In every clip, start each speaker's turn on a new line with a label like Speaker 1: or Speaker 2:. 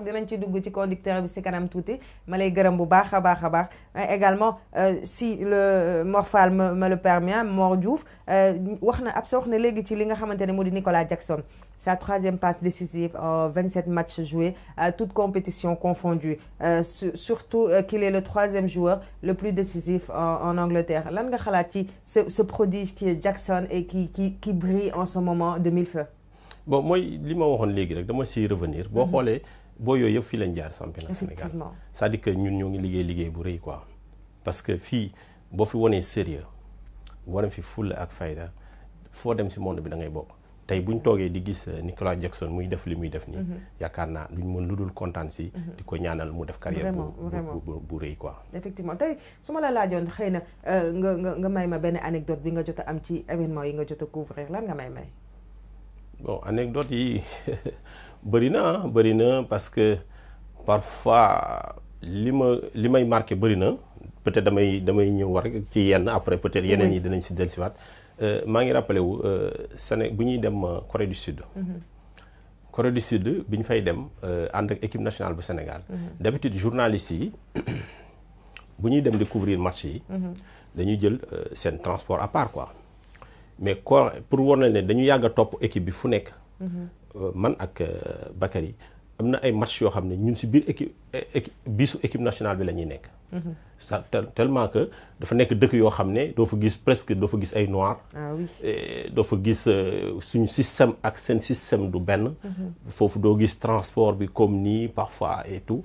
Speaker 1: dinañ ci dugg ci conducteur bi si kanam tuuti ma lay gërëm bu baax a baax a baax euh, également euh, si le euh, Morphal me le permet hein, Mor Diouf wax na ab wax na léegi ci li nga xamante ne Nicolas Jackson sa troisième passe décisive en 27 matchs joués toute compétition confondue. surtout qu'il est le troisième joueur le plus décisif en Angleterre lan nga xalaat ci ce prodige qui est Jackson et qui qui qui brille en ce moment de mille feux.
Speaker 2: bon mooy li ma waxoon léegi rek dama siy revenir boo mhm. xoolee boo yooyu fi fii lañ jaar championnat Sénégal c'est-à-dire que ñun ñoo ngi liggéey liggéey bu reuy quoi parce que fi bo fi woné sérieux war fi full ak fayda fo dem ci monde bi da ngay bok tay buñ togué di gis euh, Nicolas Jackson muy def li muy def ni mhm. yakarna naa duñ mën lu dul kontaan si mhm. ñaanal mu def carrière bu bu rëy quoi
Speaker 1: effectivement tay suma la lajone xeyna euh, nga nga nga may ma benn anecdote bi nga jot am ci événement yi nga jot couvrir lan nga may may
Speaker 2: bon anecdote yi bëri na ah bëri na parce que parfois li ma li may marqué bëri na peut-être damay damay ñëw rek ci yenn après peut-être yeneen yi dinañ si dellusiwaat euh, maa ngi rappelé wu euh, Séné bu ñuy dem euh, Corée du Sud. Mm-hmm. Corée du Sud bi ñu fay dem ànd ak équipe nationale bu Sénégal. Mm-hmm. d'habitude journalistes yi bu ñuy dem di couvrir match yi. Mm-hmm. dañuy jël seen transport à part quoi mais pour war na ne dañu yàgg topp équipe bi fu nekk. Euh, man ak euh, Bakary amna ay match yo xamné ñun ci biir équipe biisu équipe nationale bi la ñuy mhm. ça tellement que dafa nekk dëkk yo xamné do fa gis presque do fa gis ay noir ah do fa gis euh, suñu système ak sen système du ben mhm. fofu do gis transport bi comme ni parfois et tout.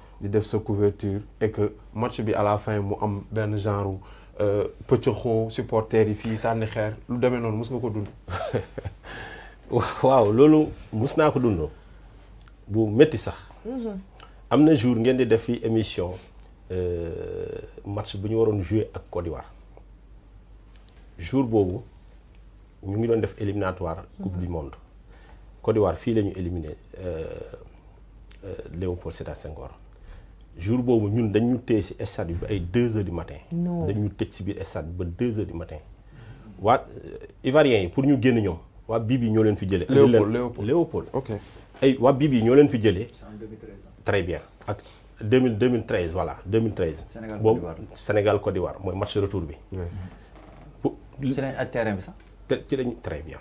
Speaker 3: di def sa couverture et que match à la fin mu am ben genre de euh, supporters yi fi lu mus nga ko dund. waaw mus ko
Speaker 2: bu metti sax.
Speaker 3: un
Speaker 2: mhm. jour ngeen di def fi émission euh, match bu ñu waroon jouer ak Côte d'Ivoire jour nous ñu ngi def éliminatoire mhm. coupe du monde Côte d'Ivoire nous lañu éliminé euh, Léopold Sédar Senghor jour où nous avons du matin. du matin. Euh, pour nous, Il y a bibi Léopold Léopold ok hein. très bien 2013. voilà 2013. Sénégal Côte d'Ivoire Sénégal Côte retour très bien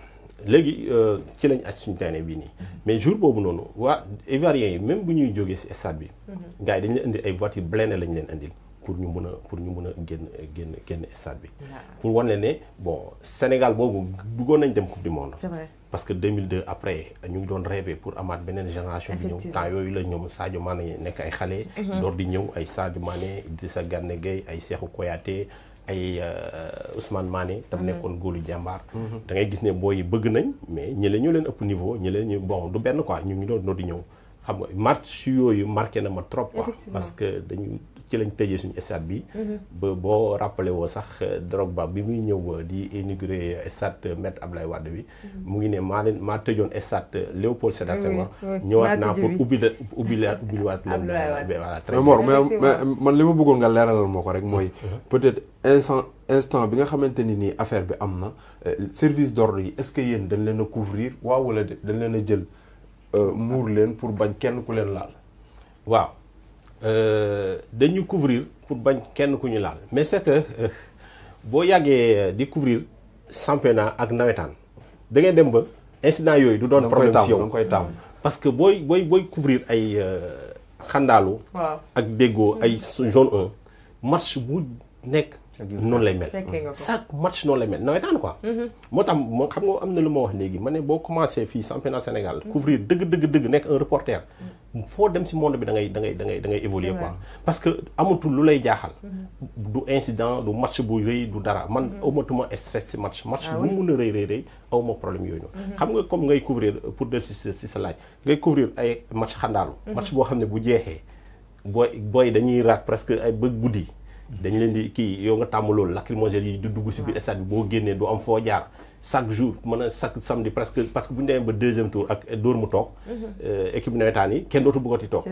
Speaker 2: léegi euh, ci lañ acc suñu terrain bi ni mhm. mais jour bobu noonu wa ivoiriens yi même bu ñuy jógee si stade bi mhm. gars yi dañ leen indi ay voiture blindées lañ leen andil pour ñu mëna pour ñu mëna genn genn genn stade bi pour wan leen bon Sénégal bobu bëggoon nañ dem coupe du monde c'est vrai parce que 2002 après ñu ngi doon rêvé pour amaat benen génération bi ñëw temps yoyu la ñoom Sadio Mané nek ay xalé mhm. dor di ñëw ay Sadio Mané Idrissa Gana Gueye ay Cheikhou koyaté ay euh, Ousmane Mané. tam mhm. nekkoon góolu jàmbaar. Mhm. da ngay gis ne booy yi bëgg nañ mais ñi leen ñu leen ëpp niveau ñi leen ñu bon du benn quoi ñu ngi doon di ñëw xam nga match yooyu marqué na ma trop quoi. parce que dañu ci lañ tëjee suñu stade bi. Mhm. ba boo rappelé woo sax euh, Drogba bi muy ñëw euh, di inauguré euh, stade met Abdoulaye Wade bi. Mhm. mu ngi né ma leen maa tëjoon stade Léopold Sédar sama ñëwaat naa pour ubbi la ubbi la ubbiwaat leen. voilà très bien mais
Speaker 3: man li ma bëggoon nga leeralal moo ko rek mooy. Mhm. peut-être instant instant bi nga xamante ni nii affaire bi am na service d'ordre yi est-ce que yéen dañ leen a couvrir waaw wala dañ leen a jël muur leen pour bañ kenn ku leen laal.
Speaker 2: waaw. Euh, dañu couvrir pour bañ kenn ku laal mais c'est que euh, boo yàggee euh, di couvrir championnat ak nawetaan da ngay dem ba incident yoy du don problème si yow parce que boy boy boy couvrir ay xandaalu ak déggoo ay mm. zone 1 match bu nek noonu lay mel chaque match noonu lay mel nawetaan quoi mhm. moo tax ma xam nga am na lu ma wax léegi ma ne boo commencé fii championnat Sénégal mhm. couvrir dëgg dëgg dëgg nekk un reporter mhm. foo dem si monde bi da ngay da ngay da ngay da ngay évoluer quoi parce que amatul lu lay jaaxal du incident du match bu rëy du dara man amatuma stress si match match ah bu mun a rëy rëy rëy awma problème yooyu noonu xam nga comme ngay couvrir pour del si sa laaj ngay couvrir ay match xandaalu match boo xam ne bu jeexee booy booy dañuy raak presque ay bëgg guddi dañ leen di kii yow nga tàmm loolu lacrymogène yi du dugg si biir stade bi boo génnee doo am foo jaar chaque jour mën a chaque samedi presque parce que bu ñu ba deuxième tour ak dóor mu toog mm-hmm. euh, équipe nawetaan
Speaker 3: yi kenn dootu bëggati toog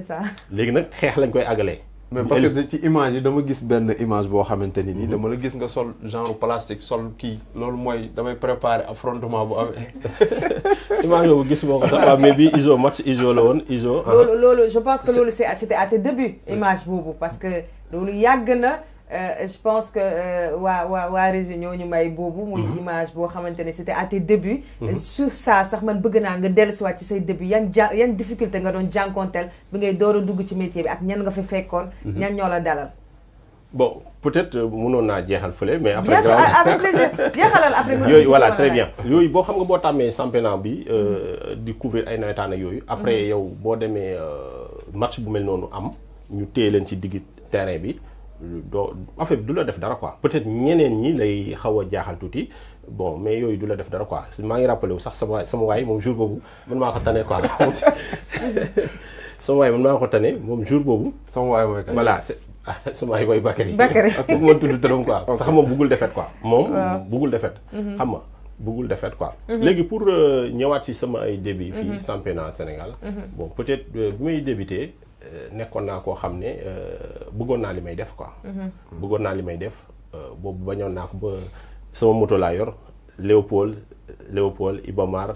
Speaker 3: léegi nag xeex lañ koy àggalee mais parce que ci image yi dama gis benn image boo xamante ni nii mm-hmm. dama la gis nga sol genre plastique sol kii loolu mooy damay préparer affrontement bu amee
Speaker 2: image boobu gis moo ko sax waaw mais bii iso match iso la woon iso loolu
Speaker 1: loolu je pense que loolu c'était à tes débuts image boobu parce que loolu yàgg na euh, je pense que euh, wa wa wa réseau ñu may bobu moy mhm. image bo xamantene c'était à tes débuts. Mhm. sur ça sax man bëgg na nga dellusiwaat ci say début yan ja yan difficulté nga don jankontel bi ngay door dugg ci métier bi ak ñan nga fa fekkoon. Mhm. ñan ñola dalal.
Speaker 2: bon peut-être euh, mënon na jeexal feulé mais. après avec plaisir
Speaker 1: jeexalal après. Yo, voilà très bien
Speaker 2: Yo, bo xam nga bo tamé championnat bi euh découvrir ay nawetaan ak yo, après yow boo demee match bu mel nonu am ñu téye len ci digit terrain bi doo en fait du la def dara quoi peut-être ñeneen ñi lay xaw a jaaxal tuuti bon mais yooyu du la def dara quoi maa ngi rappelé wu sax sama sama waay moom jour boobu man maa ko tane quoi sama waay man maa ko tane moom jour boobu. sama waay mooy tane voilà sama waay mooy Bakary. Bakary ak tudd turam quoi. xam nga buggul defeet quoi. moom buggul defet. xam nga buggul defet quoi. Mhm. Mhm. léegi pour euh, ñëwaat si sama ay début. fii championnat mhm. Sénégal. bon peut-être euh, bi may débuté. Euh, nekkoon naa koo xam ne euh, bëggoon naa li may def ko mhm. mm-hmm. bëggoon naa li may def euh, boobu bañoon naa ko ba sama moto laa yor Léopold Léopold Ibamar.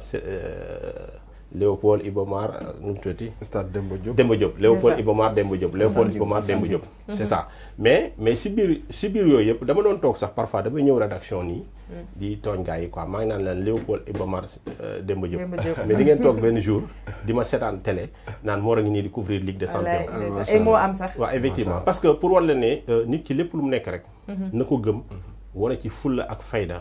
Speaker 2: Léopold Ibomar euh, nu stade Demba Diop Demba Diop Léopold Ibomar Demba Diop. Léopold Ibomar Demba Diop. c'est ça mais mais si biir si biir yooyu yëpp dama don tok sax parfois dama ñëw rédaction ni mm. di togn gars quoi Ma ngi naan Léopold Ibomar euh, Demba Diop. mais di ngeen tok ben jour di ma seetaan télé naan moo ngi ni di couvrir Ligue des Champions. Et mo am sax. waaw effectivement parce que pour wala né euh, nit ki lepp lu mu nek rek. Mm-hmm. nako gëm mm-hmm. wala ci fulla ak fayda.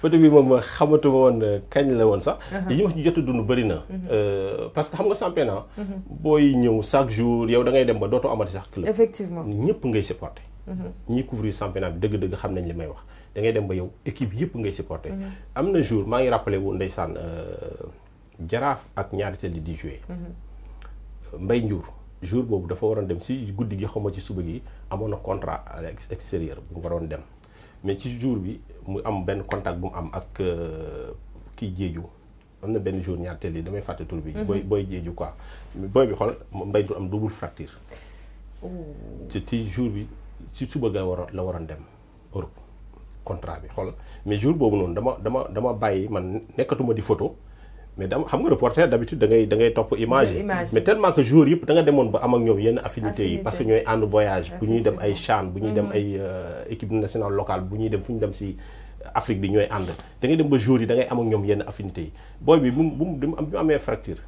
Speaker 2: photo bi moom xamatuma woon euh, kañ la woon sax. yi uh-huh. ma ci jot a dund bëri na. Uh-huh. Euh, parce que xam nga championnat. Ah. Uh-huh. booy ñëw chaque jour yow da ngay dem ba dootoo amati sax club. effectivement ñëpp ngay supporter. ñiy couvrir championnat bi dëgg xam nañ li may wax da ngay dem ba yow équipe yëpp ngay supporter. am na jour maa ngi rappelé wu ndeysaan euh, jaraaf ak ñaari tali di joué. Mbay Ndiour jour boobu dafa waroon dem si guddi gi xaw ma ci suba gi amoon na contrat à l'extérieur bu waroon dem. mais ci jour bi mu am benn contact bu mu am ak euh, kii jéeju am na benn jour ñaar télé damay fàtte tur bi. Mhm. booy booy jéeju quoi booy bi xool mbay tu am double fracture. Oh. ci ci jour bi ci suba ga waroon la waroon dem Europe contrat bi xool mais jour boobu noonu dama dama dama bàyyi man nekkatuma di photo. mais dama xam nga reporter d'habitude da ngay da ngay topp image mais tellement que jour yëpp da nga demone ba am ak ñom yenn affinité yi parce que ñoy and voyage bu ñuy dem ay CHAN bu ñuy dem mhm. ay euh, équipe nationale locale bu ñuy dem fu dem ci Afrique bi ñoy and da ngay dem ba jour yi da ngay am ak ñom yenn affinité yi boy bi bu mu bu mu fracture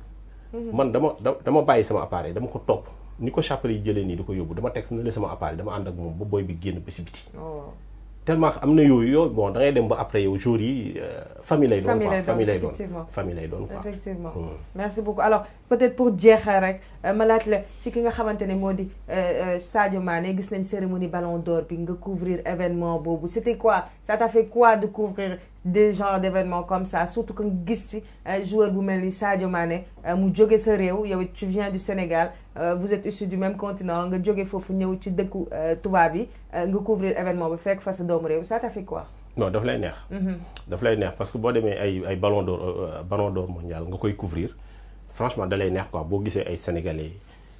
Speaker 2: mhm. man dama dama bàyyi sama appareil dama ko top ni ko chapelle yi diko yobbu dama teg na sama appareil dama and ak mom ba boy bi génn ba si biti oh tellement am na bon da ngay dem ba après yow jour yi euh, famille lay doon quoi famille lay doon famille lay doon quoi effectivement
Speaker 1: hmm. merci beaucoup alors peut-être pour jeexal rek euh, ma le, la ci ki nga xamantene modi moo euh, Sadio Mané gis nañ cérémonie Ballon d'Or bi nga couvrir événement bobu c'était quoi ça t'a fait quoi de couvrir des genres d'événements comme ça surtout quand nga euh, joueur bu mel Sadio Mané euh, mu tu viens du Sénégal euh, vous êtes issus du même continent nga jóge foofu ñëw ci dëkku tubaab yi nga couvrir événement bi face fa sa ça t'a fait quoi.
Speaker 2: non daf lay neex. Mhm. daf parce que boo demee ay ay ballon d'or ballon d'or mondial nga couvrir franchement da lay neex quoi boo gisee ay sénégalais.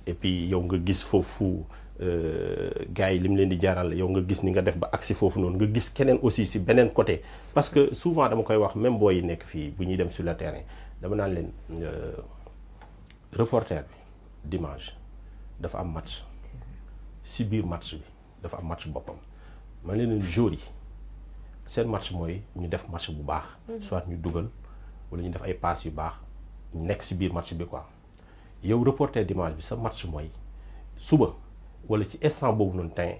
Speaker 2: et yow nga gis foofu euh, gars yi li mu leen di jaaral yow nga gis ni nga def ba agsi foofu noonu nga gis keneen aussi si beneen côté parce que souvent dama koy wax même booy nekk fii bu ñuy dem sur le terrain dama naan leen euh, reporter bi dimanche dafa am match si biir match bi dafa am match boppam man leen jour yi seen match mooy ñu def match bu baax mm-hmm. soit ñu dugal wala ñu def ay passe yu baax ñu nekk si biir match bi quoi yow reporter dimanche bi sa match moy suba wala ci instant bobu non tay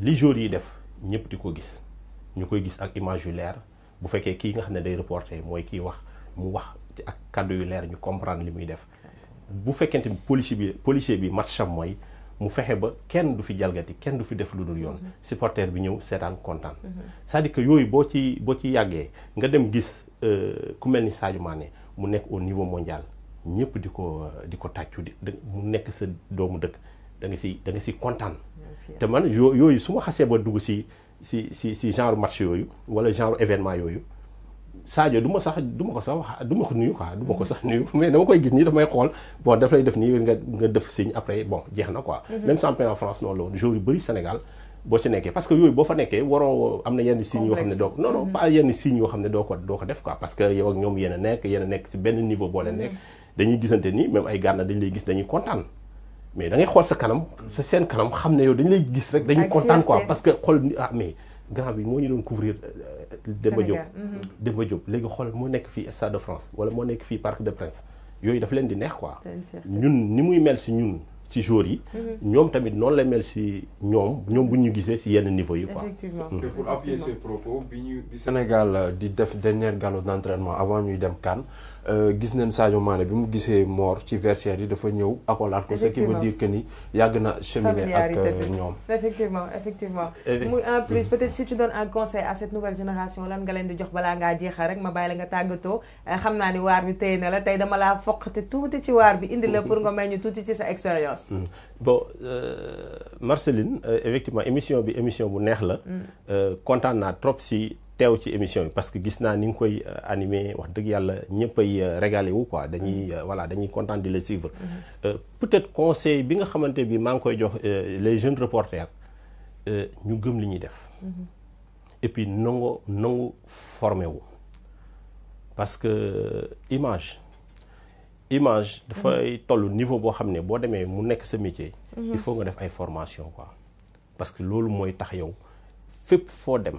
Speaker 2: li joueurs yi def ñepp di ko gis ñukoy koy gis ak image yu leer bu fekkee ki nga xamné day reporter moy ki wax mu wax ci ak kàddu yu leer ñu comprendre limuy def bu fekkente ni policier bi policier bi match am moy mu fexé ba kenn du fi jalgati kenn du fi def lu dul yoon mm-hmm. supporter bi ñëw seetaan content ça dit que yoy bo ci bo ci yagge nga dem gis euh, ku melni ni Sadio Mané mu nek au niveau mondial ñëpp di ko di ko tàccu di mu nekk sa doomu dëkk da nga si da nga si kontaan. te man yoo yooyu su ma xasee ba dugg si si si si genre match yooyu wala genre événement yooyu Sadio du ma sax du ko sax wax du ma ko nuyu quoi ma ko dama koy gis nii damay xool bon daf lay def nii nga def signe après bon jeex na quoi. Mhm. même championnat France noonu la woon joueurs boo ci nekkee parce que yooyu boo fa nekkee waroo am na yenn signes yoo xam ne doo non non mhm. pas yoo xam ne doo ko doo ko def quoi parce que yow ak ñoom yéen nekk yéen nekk ci benn niveau boo leen mhm. nekk dañuy gisante ni même ay gànna dañ lay gis dañuy contane mais da ngay xol sa kanam sa sen kanam xamne yow dañ lay gis rek dañuy contane quoi parce que xol ah mais grand bi mo ñu doon couvrir euh, euh, Demba Diop mhm. Demba Diop légui xol mo nekk fi Stade de France wala mo nekk fi Parc de Prince yoy daf leen di neex quoi ñun ni muy mel ci ñun ci jour yi mhm. ñom tamit non la mel
Speaker 3: ci ñom ñom bu ñu gisee ci yenn niveau yi quoi effectivement mhm. et pour appuyer ces propos bi ñu bi Sénégal euh, di def dernier galop d'entraînement avant ñuy dem CAN ce qui veut dire que ni euh,
Speaker 1: effectivement effectivement en plus mm. peut-être si tu donnes un conseil à cette nouvelle génération lan nga di jox bala ma nga euh, ni bi la dama ci bi indi la pour nga expérience mm.
Speaker 2: bon euh, Marceline effectivement émission bi émission bu neex la mm. a trop si téw ci émission parce que gis naa ni ngui koy euh, animer wax deug yalla ñeppay euh, régalé wu quoi dañuy mm-hmm. euh, voilà dañuy content de le suivre mm-hmm. peut-être conseil bi nga xamanté bi mang koy jox les jeunes reporters ñu gëm li ñuy def mm-hmm. et puis nongo nongo formé wu parce que image image dafay tollu niveau bo xamné bo démé mu nekk sa métier il faut nga def ay formation quoi parce que lolu moy tax yow fep fo dem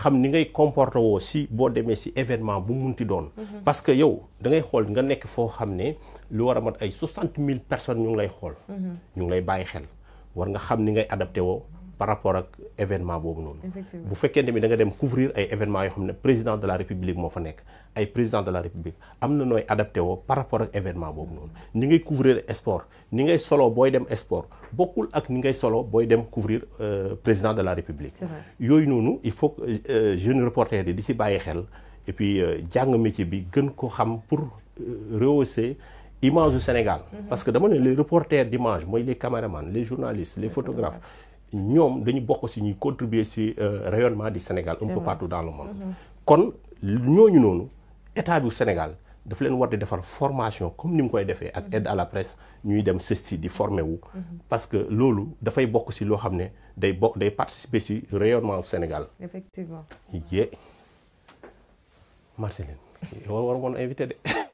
Speaker 2: xam ni ngay comporté woo si boo demee si événement bu mun ti doon. parce que yow dangay xool nga nekk foo xam ne lu war a mat ay soixante mille personne ñu ngi lay xool. Mhm. ñu ngi lay bàyyi xel war nga xam ni ngay adapté woo. par rapport ak événement boobu noonu. bu fekkee ne nga dem couvrir ay événement yoo président de la république moo fa ay président de la république am nous nooy par rapport ak événement boobu noonu ni ngay couvrir sport ni ngay solo boy dem sport bokkul ak ni ngay solo boy dem couvrir euh, président de la république. yooyu noonu il faut que euh, euh, jeune reporter yi di ci bàyyi xel et puis jàng métier bi gën ko xam pour rehausser. image du Sénégal. Mm-hmm. Parce que d'abord, les reporters d'image, moi, les caméramans, les journalistes, les photographes, ñoom dañu bokk si ñuy contribuer si euh, rayonnement du Sénégal un peu partout dans le monde mm-hmm. kon ñooñu noonu état du Sénégal daf leen war di formation comme nous mu koy defee ak mm-hmm. aide à la presse ñuy dem ceci di former mm-hmm. parce que loolu dafay bokk si loo xam day bokk participer au rayonnement du Sénégal
Speaker 1: effectivement
Speaker 2: Oui. Marceline war war woon